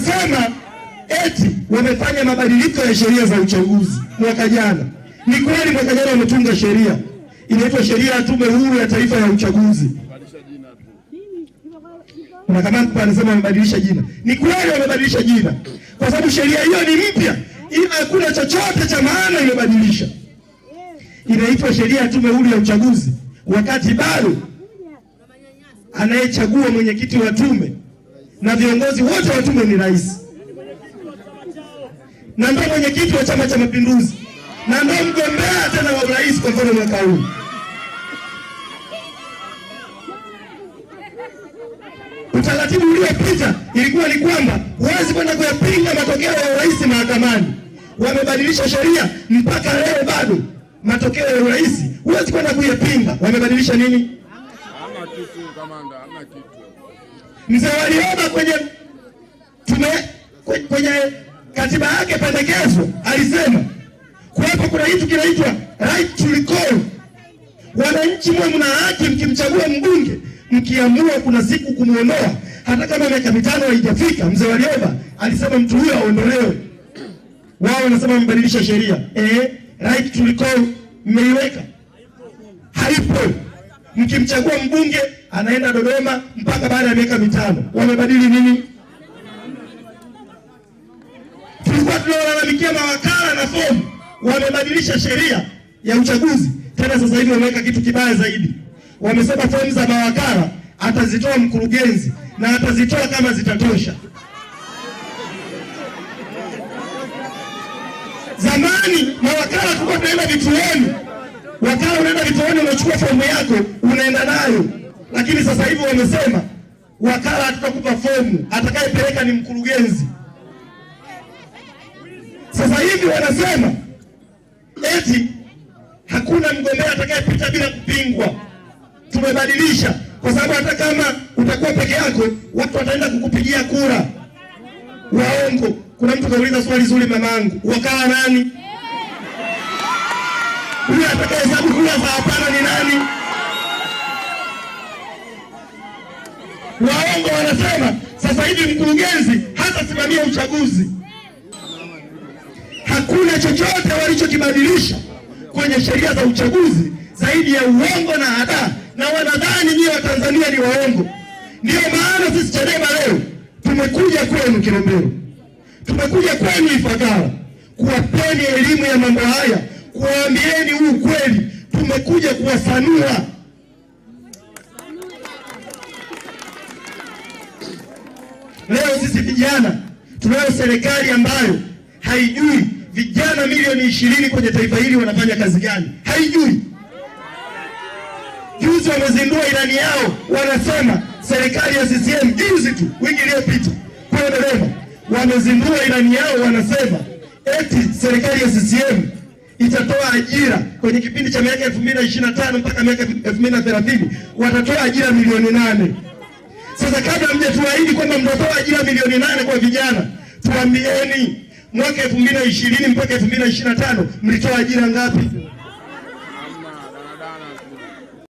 wanasema eti wamefanya mabadiliko ya sheria za uchaguzi mwaka jana. Ni kweli mwaka jana wametunga sheria inaitwa sheria ya Tume Huru ya Taifa ya Uchaguzi, na kama anasema wamebadilisha jina, ni kweli wamebadilisha jina kwa sababu sheria hiyo ni mpya, ila hakuna chochote cha maana imebadilisha. Inaitwa sheria ya Tume Huru ya Uchaguzi, wakati bado anayechagua mwenyekiti wa tume na viongozi wote wa tume ni rais, na ndio mwenyekiti wa Chama cha Mapinduzi, na ndio mgombea tena wa urais kwa mfano mwaka huu. Utaratibu uliopita ilikuwa ni kwamba huwezi kwenda kuyapinga matokeo ya urais mahakamani. Wamebadilisha sheria mpaka leo bado matokeo ya urais huwezi kwenda kuyapinga. Wamebadilisha nini? Hamna kitu kamanda, hamna kitu. Mzee waliona kwenye tume kwenye katiba yake pendekezo alisema kuwepo kuna kitu kinaitwa right to recall. Wananchi mwe mna haki mkimchagua mbunge, mkiamua kuna siku kumwondoa, hata kama miaka mitano haijafika. Mzee Warioba alisema mtu huyo aondolewe. Wao wanasema mbadilisha sheria eh, right to recall mmeiweka haipo mkimchagua mbunge anaenda Dodoma mpaka baada ya miaka mitano. Wamebadili nini? Tulikuwa tunaolalamikia mawakala na fomu, wamebadilisha sheria ya uchaguzi tena. Sasa hivi wameweka kitu kibaya zaidi, wamesema fomu za mawakala atazitoa mkurugenzi na atazitoa kama zitatosha. Zamani mawakala tulikuwa tunaenda vituoni Wakala unaenda kituoni, unachukua fomu yako unaenda nayo, lakini sasa hivi wamesema wakala hatutakupa fomu, atakayepeleka ni mkurugenzi. Sasa hivi wanasema eti hakuna mgombea atakayepita bila kupingwa. Tumebadilisha kwa sababu hata kama utakuwa peke yako watu wataenda kukupigia kura. Waongo. Kuna mtu kauliza swali zuri, mamangu, wakala nani? atakayehesabu kura za hapana ni nani? Waongo wanasema sasa hivi mkurugenzi hatasimamia uchaguzi. Hakuna chochote walichokibadilisha kwenye sheria za uchaguzi zaidi ya uongo na hadaa, na wanadhani nyie Watanzania ni waongo. Ndiyo maana sisi Chadema leo tumekuja kwenu Kilombero, tumekuja kwenu Ifakara kuwapeni elimu ya mambo haya, kuwaambieni huu kupanua. Leo sisi vijana tunayo serikali ambayo haijui vijana milioni ishirini kwenye taifa hili wanafanya kazi gani, haijui. Juzi wamezindua ilani yao, wanasema serikali ya CCM juzi tu, wiki iliyopita kwa Dodoma wamezindua ilani yao, wanasema eti serikali ya CCM itatoa ajira kwenye kipindi cha miaka 2025 mpaka miaka 2030 watatoa ajira milioni nane. Sasa kabla hamjatuahidi kwamba mtatoa ajira milioni nane kwa vijana, tuambieni mwaka 2020 mpaka 2025 mlitoa ajira ngapi?